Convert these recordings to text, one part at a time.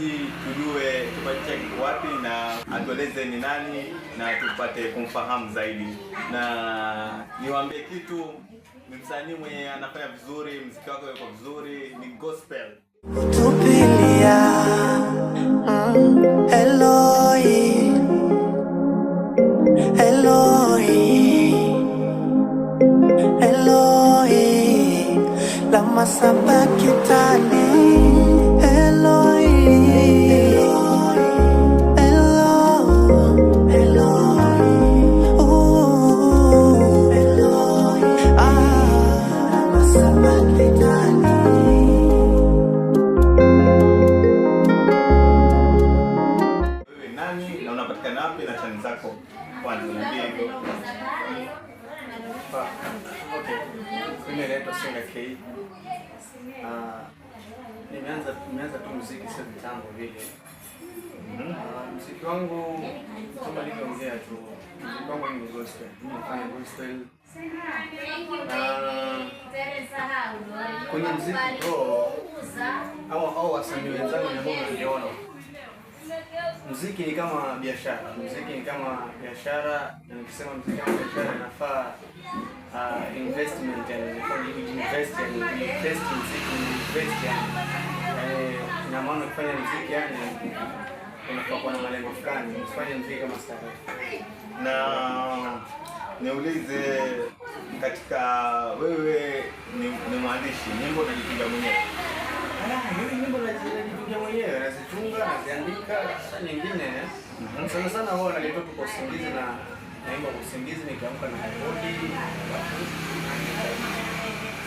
mhoji tujue tupate wapi na atueleze ni nani na tupate kumfahamu zaidi. Na niwaambie kitu, ni msanii mwenye anafanya vizuri, mziki wake uko vizuri, ni gospel tupilia mm, Eloi Eloi Eloi lama yako wananiambia ah, hivyo. Ah, nimeanza nimeanza tu muziki sio vitambo vile. Mm-hmm. Ah, muziki wangu kama nilivyoongea tu, muziki wangu ni gospel. Nafanya gospel. Kwenye muziki bro, au au wasanii wenzangu ambao wananiona muziki ni kama biashara, muziki ni kama biashara, na nikisema muziki kama biashara inafaa uh, investment invest invest muziki invest, eh, na maana kufanya muziki yani unafaa kuwa na malengo fulani, usifanye muziki kama starehe. Na niulize katika, wewe ni, ni mwandishi nyimbo unajitunga mwenyewe mimi mm-hmm. nyimbo nazipiga mwenyewe, nazitunga, naziandika. Sasa nyingine sana sana huwa nalitoka kwa usingizi na naimba kwa usingizi, nikiamka na rekodi.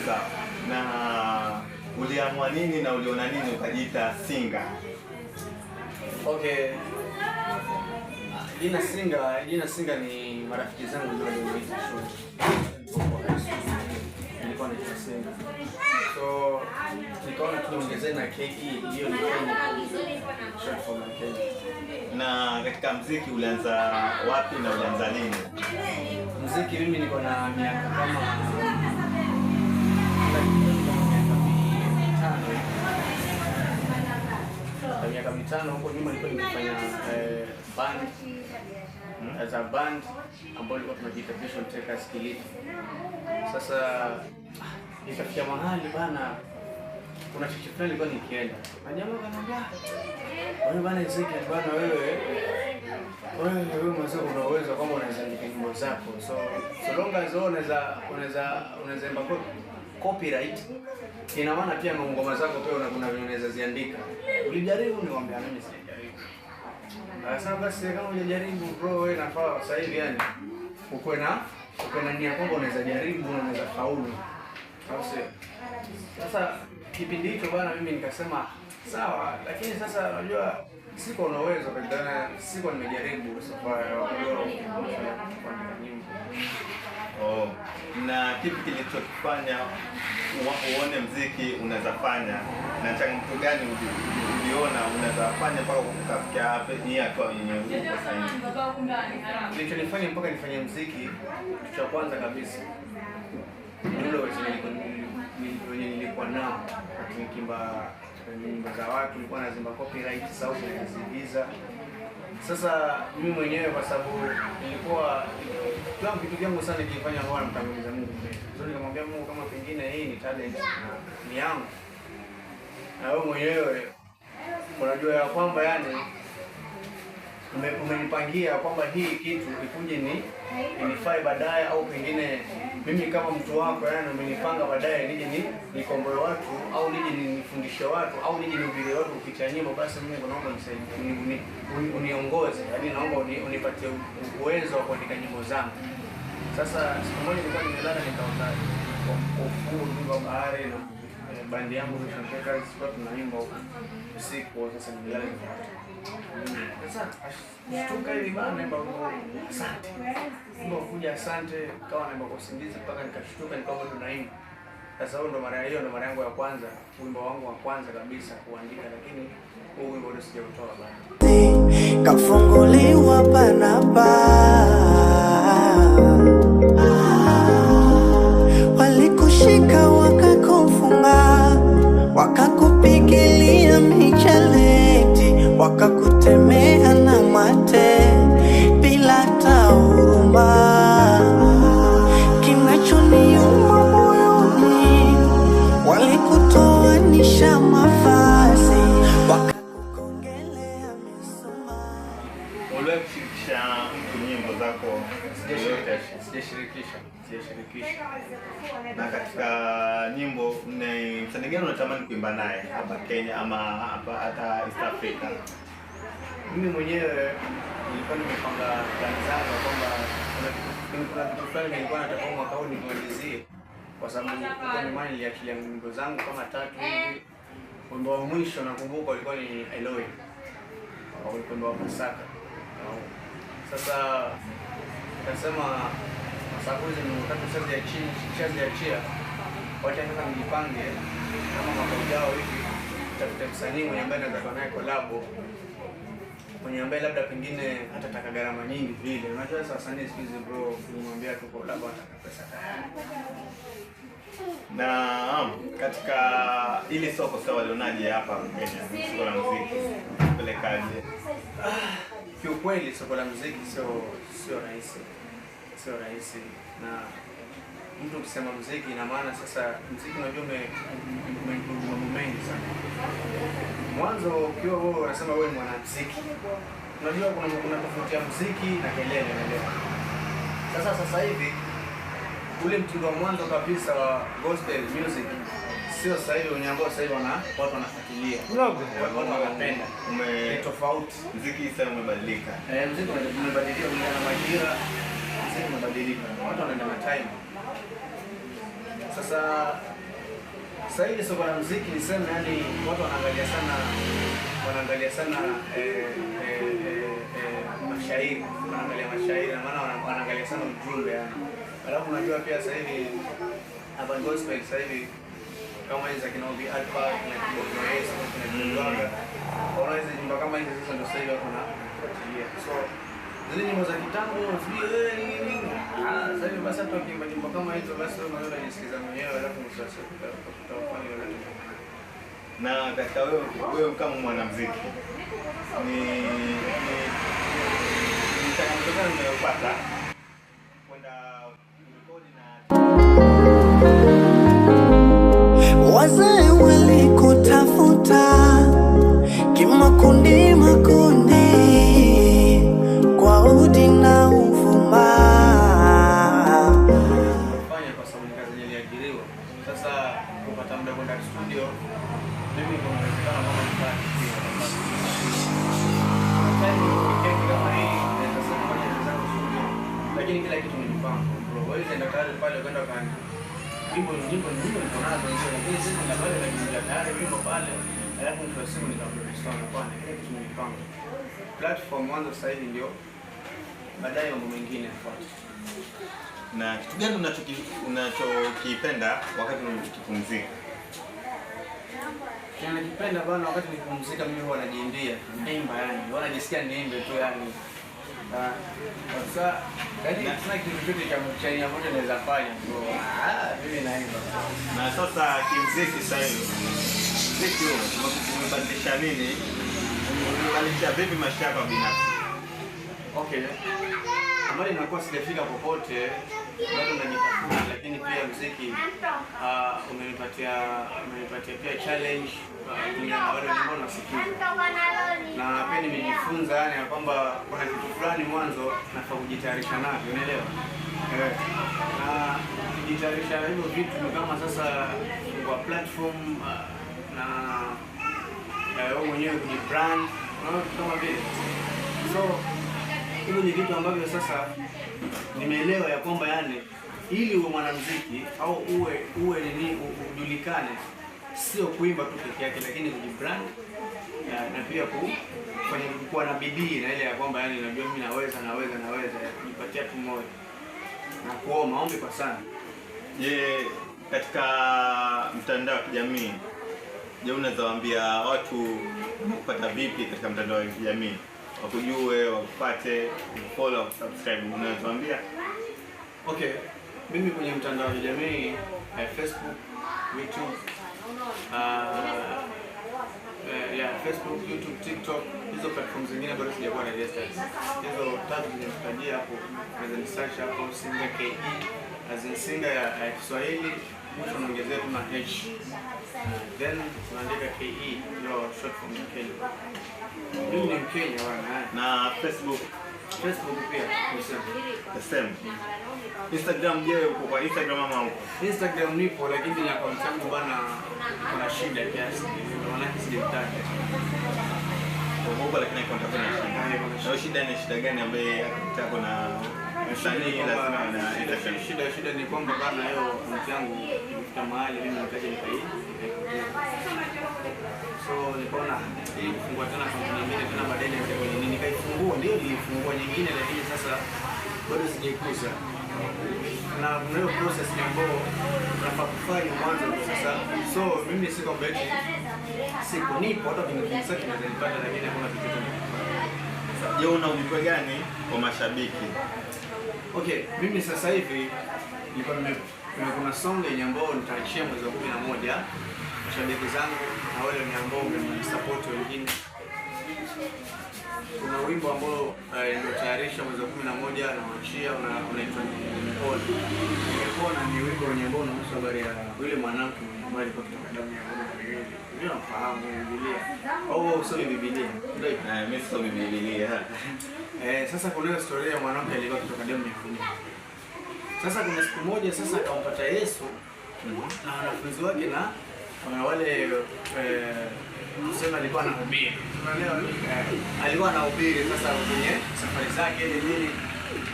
Sawa. Na uliamua nini na uliona nini ukajiita Singa? Okay. Jina Singa, jina Singa ni marafiki zangu ndio waliniita shule nilikuwa nikisema. So nikaona na keki hiyo na katika mziki ulianza wapi na ulianza lini? Mziki mimi niko na miaka kama miaka mitano huko nyuma nilikuwa eh, band hmm, as a band ambao ilikuwa tunajiita Vision Takers Kilifi. Sasa nikafikia mahali bana, kuna chichi fulani ilikuwa nikienda na jamaa kanaambia, wewe bana Ezekiel, bana wewe wewe wewe mzee, una uwezo kama unaweza andika nyimbo zako, so so long as unaweza unaweza unaweza imba copyright ina maana pia ngoma zako pia una kuna unaweza ziandika. Ulijaribu? Niwaambia mimi sijaribu sasa basi kama hujajaribu bro, wewe nafaa sasa hivi yani uko na uko na nia kwamba unaweza jaribu na unaweza faulu. Sasa kipindi hicho bwana, mimi nikasema sawa, lakini sasa unajua siko na uwezo kadhaa, siko nimejaribu safari ya nyimbo Oh, na kipi kilichokufanya uone mziki unaweza fanya na changamoto gani uliona unaweza fanya mpaka ukafikia hapa ni hatua yenye Kilichonifanya mpaka nifanye mziki, kitu cha kwanza kabisa ndio wenye nilikuwa nao nikimba nyimbo za watu, nilikuwa nazimba copyright sauti nazigiza sasa mimi mwenyewe kwa sababu nilikuwa kila vitu vyangu sana nilifanya kwa namtanguliza Mungu mbele. Sasa nikamwambia Mungu, kama pengine hii ni talent ni yangu, na wewe mwenyewe unajua ya kwamba yani umenipangia ume kwamba hii kitu ikuje ni inifai baadaye, au pengine mimi kama mtu wako, yani umenipanga baadaye nije ni nikomboe watu au nije nifundishe watu au nije nihubiri watu kupitia nyimbo, basi mimi naomba nisaidie, uniongoze, yani naomba unipatie uwezo wa kuandika nyimbo zangu. Sasa siku moja nilikuwa nimelala nikaona ufuo wa bahari na eh, bandi yangu tunafanya kazi, tunaimba usiku. Sasa nimelala nikaota Ashtuka Asante. Wimbo kuja asante, kawa naimba kwa usingizi mpaka nikashtuka nikaomba tunaimba. Sasa huo ndo mara hiyo ndo mara yangu ya kwanza, wimbo wangu wa kwanza kabisa kuandika lakini huu wimbo ndio sijautoa bana. Kafunguliwa panapa. kuomba kinachoniuma moyoni, walikutoanisha mavazi wakakukongelea kushirikisha mtu nyimbo zako? Sijashirikisha, Na katika nyimbo, ni msanii gani unatamani kuimba naye hapa Kenya ama hapa hata East Africa? mimi mwenyewe eh, nilikuwa nimepanga plani zangu kwamba kuna kitu fulani nilikuwa nataka mwaka huu nimalizie, kwa sababu kwa nilikuwa niliachilia nyimbo zangu kama tatu hivi. Wimbo wa mwisho nakumbuka ulikuwa ni Eloi, au wimbo wa Pasaka. Sasa nikasema sababu hizi nyimbo tatu chia, wacha sasa nijipange kama mwaka ujao hivi, tafuta msanii mwenye ambaye naweza fanya naye kolabo msanii ambaye labda pengine hatataka gharama nyingi vile. Unajua sasa wasanii siku hizi bro, kumwambia tu labda ataka pesa na um, katika ile soko sasa walionaje hapa Kenya soko la muziki? Pelekaje? Ah, kiukweli soko la muziki sio sio rahisi. Sio rahisi na mtu ukisema mziki ina maana sasa mziki unajua mambo mengi sana. Mwanzo ukiwa wewe unasema wewe ni mwanamuziki, unajua kuna kuna tofauti ya mziki na kelele, unaelewa? Sasa sasa hivi ule mtindo wa mwanzo kabisa wa gospel music sio sasa hivi wenye ambao sasa hivi wana watu wanafuatilia, watu wanapenda, Ume tofauti. Muziki sasa umebadilika, eh, muziki umebadilika kulingana na majira, muziki umebadilika, watu wanaenda na time sasa sasa hii soko la muziki niseme, yani watu wanaangalia sana wanaangalia sana eh, eh, eh, eh, mashairi wanaangalia mashairi maana wanaangalia sana ujumbe yani. Alafu unajua pia sasa hivi hapa gospel sasa hivi kama hizo kina Obi Alpha na Kibondo Yesu na Kibondo Wanga, unaweza nyimbo kama hizo sasa ndio sasa hivi watu wanafuatilia so zile za kitambo eh, ah, sasa hivi basi hata ukiimba nyimbo kama hizo basi wewe mwenyewe unajisikiza mwenyewe, alafu utafanya Na katika wewe wewe kama mwanamuziki ni ni changamoto gani unayopata? kwanza sasa hivi ndio baadaye mambo mengine yafuate. Na kitu gani unachokipenda wakati unakipumzika? Nakipenda bana, wakati nikipumzika mimi huwa najiimbia naimba, yani huwa najisikia niimbe tu yani sasa sina kitu chochote cha mchani moja naweza fanya, ah, mimi naimba. Na sasa kimziki sasa hivi mziki umebadilisha nini, umebadilisha vipi maisha yako binafsi? Okay, ambayo inakuwa sijafika popote bado najitafuta, lakini pia mziki uh, umenipatia umenipatia pia challenge uh, bado nasikia na pia nimejifunza yani ya kwamba kuna kitu fulani mwanzo nafaa kujitayarisha navyo, unaelewa eh, na kujitayarisha hivyo vitu kama sasa kwa platform uh, na uh, wewe uh, mwenyewe kujibrand, unaona kama vile so Hivi ni vitu ambavyo sasa nimeelewa ya kwamba yani, ili uwe mwanamuziki au uwe uwe nini, ujulikane sio kuimba tu peke yake, lakini kujibrand na, na pia kwenye kuwa na bidii na ile ya kwamba yani, najua mimi naweza naweza naweza, kujipatia tu moyo na kuoa maombi kwa sana. Je, katika mtandao wa kijamii, je, unaweza kuambia watu kupata vipi katika mtandao wa kijamii? wakujue, wakupate, follow, wakubscribe, Okay, mimi kwenye mtandao wa kijamii eh, Facebook, YouTube, uh, eh, yeah, Facebook, YouTube, TikTok, hizo platform zingine bado sijakuwa registered. Hizo tatu zinatajia hapo, naweza nisearch hapo KE, ya Kiswahili mwisho tuna h then tunaandika ke short form ya Kenya. Mimi ni Mkenya wana eh. na Facebook Facebook pia the same. Instagram, je, uko kwa Instagram ama uko? Instagram nipo lakini ya kwa mtangu bana kuna shida kiasi. Maana sijitaki. Kwa sababu lakini kwa mtangu kuna shida. Na shida ni shida gani ambaye akitaka na Shida shida ni kwamba bana, leo nchi yangu kufika mahali mimi nataka nikaii, so nikaona kufungua tena kampuni nyingine tena baadaye niende kwenye nini, nikaifungua ndio nilifungua nyingine, lakini sasa bado sijaikuza na mnayo process ambayo nafaa kufanya mwanzo sasa. So mimi si kwamba eti nipo hata vinginisa kinaweza nipata, lakini hakuna kitu. Je, una ujumbe gani kwa mashabiki? Okay, mimi sasa hivi nilikuwa kuna song yenye ambayo nitaachia mwezi wa kumi na moja mashabiki zangu na wale ni ambao wamenisupport wengine kuna wimbo ambao eh, niliotayarisha mwezi wa kumi na moja nauachia, unaitwa Nimepona. Nimepona ni wimbo wenye ambao unahusu habari ya yule mwanamke ambaye alikuwa kutoka damu ya ng'ombe miwili. Ndio nafahamu Biblia au Biblia? Ndio eh, mimi Biblia. Eh, sasa kuna ile ya mwanamke alikuwa kutoka damu ya Sasa kuna siku moja sasa akampata Yesu mhm. na wanafunzi wake na wale eh, kusema alikuwa anahubiri, unaelewa? Eh, alikuwa anahubiri sasa kwenye safari zake ile nini.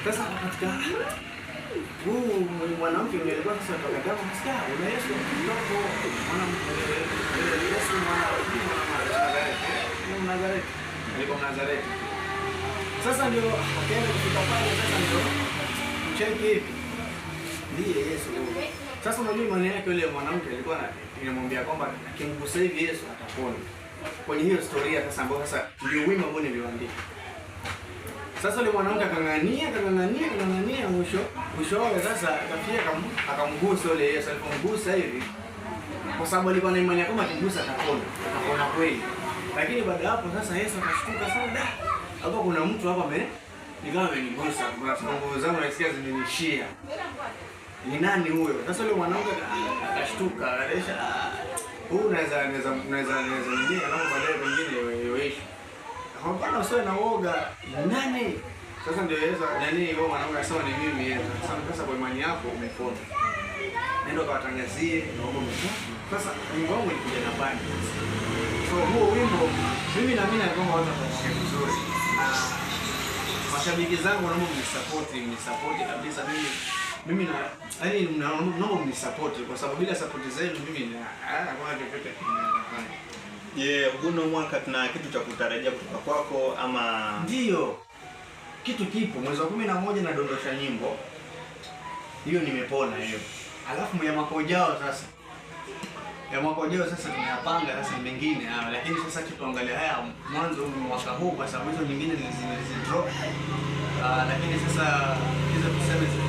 Sasa katika huu mwanamke ndiye alikuwa sasa akakataa kumsikia, una Yesu kidogo, mwana Yesu mwana wa Nazareti, alikuwa Nazareti. Sasa ndio akaenda kufika pale, sasa ndio mcheki hivi ndiye Yesu sasa unajua imani yake yule mwanamke alikuwa anamwambia kwamba akimgusa hivi Yesu atapona. Kwenye hiyo historia sasa ambayo sasa ndio wima ambao niliwaandika. Sasa yule mwanamke akang'ania, akang'ania, akang'ania mwisho. Mwisho wake sasa akafia akamgusa yule Yesu, alipomgusa hivi kwa sababu alikuwa na imani kwamba akimgusa atapona. Atapona kweli. Lakini baada ya hapo sasa Yesu akashtuka sana da. Hapa kuna mtu hapa ame nikawa amenigusa. kwa sababu zangu nasikia zimenishia ni nani huyo? Sasa yule mwanamke akashtuka, akadesha ah, huyu, naweza naweza naweza naweza nyingine na baadaye pengine yoishi. Hapana, usiwe na uoga. Nani? Sasa ndio yaweza nani yule mwanamke asema ni mimi yeye. Sasa sasa kwa imani yako umepona. Nenda kawatangazie naomba msamaha. Sasa Mungu wangu ni kuja na bani. So huo wimbo mimi na mimi naomba watu wasikie vizuri. na Mashabiki zangu naomba mnisupport, mnisupport kabisa mimi mimi na yaani naomba support kwa sababu bila support zenu mimi na hakuna chochote kinafanya. Je, huna mwaka tuna kitu cha kutarajia kutoka kwako ama? Ndio, kitu kipo. Mwezi wa 11 na moja nadondosha nyimbo hiyo, nimepona hiyo. Alafu ya mwaka ujao sasa, ya mwaka ujao sasa tunayapanga sasa mengine hayo, ah, lakini sasa tutuangalia haya mwanzo huu mwaka huu, kwa sababu hizo nyingine zilizidrop, Ah, lakini sasa hizo tuseme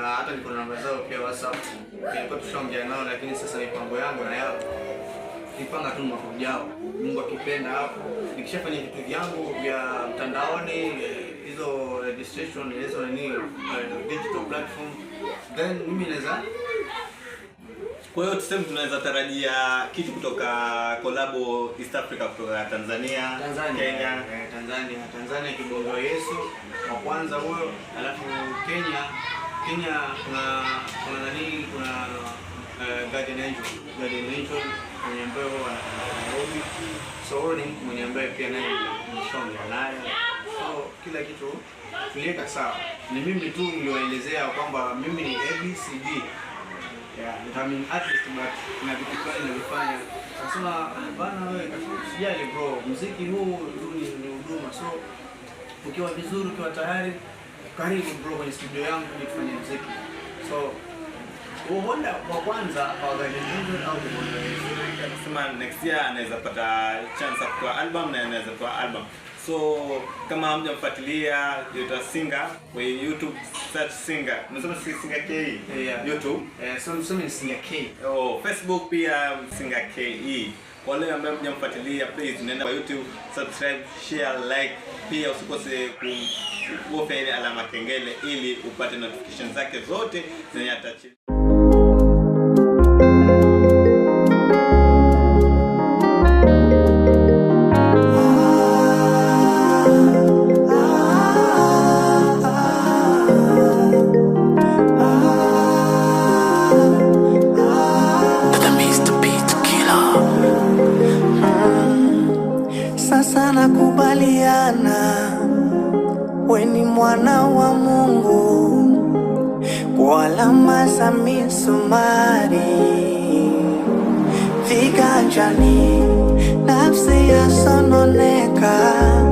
na hata niko na namba zao pia WhatsApp. Nilikuwa tushaongea nao, lakini sasa mipango yangu na yao nipanga tu mwaka ujao, Mungu akipenda. Hapo nikishafanya vitu vyangu vya mtandaoni, hizo registration, hizo nini, uh, digital platform, then mimi naweza kwa hiyo tuseme tunaweza tarajia kitu kutoka kolabo East Africa kutoka Tanzania, Tanzania, Kenya, eh, Tanzania, Tanzania kibongo Yesu wa kwanza huyo, alafu Kenya Kenya kuna kuna nani kuna uh, guardian angel guardian angel mwenye ambaye Nairobi. So huyo ni mwenye ambaye pia naye ni msongo naye, so kila kitu tulieka sawa. Ni mimi tu niliwaelezea kwamba mimi ni ABCD yeah, I'm an artist but na vitu kwa fulani nilifanya, nasema bana, wewe sijali bro, muziki huu ni huduma, so ukiwa vizuri, ukiwa tayari karibu bro kwenye studio yangu ili tufanye muziki. So Honda kwa kwanza au anasema next year anaweza pata chance ya kutoa album na anaweza kutoa album. So kama hamjamfuatilia Jota Singer kwa YouTube search Singer. Unasema si Singer KE. Yeah. YouTube. Eh, so msome Singer KE. Oh, Facebook pia Singer KE. Wale ambao mjamfuatilia, please nenda kwa YouTube, subscribe, share, like. Pia usikose kubofya ile alama kengele ili upate notification zake zote zenye atachia. mwana wa Mungu kwa alama za misumari, viganjani nafsi yasononeka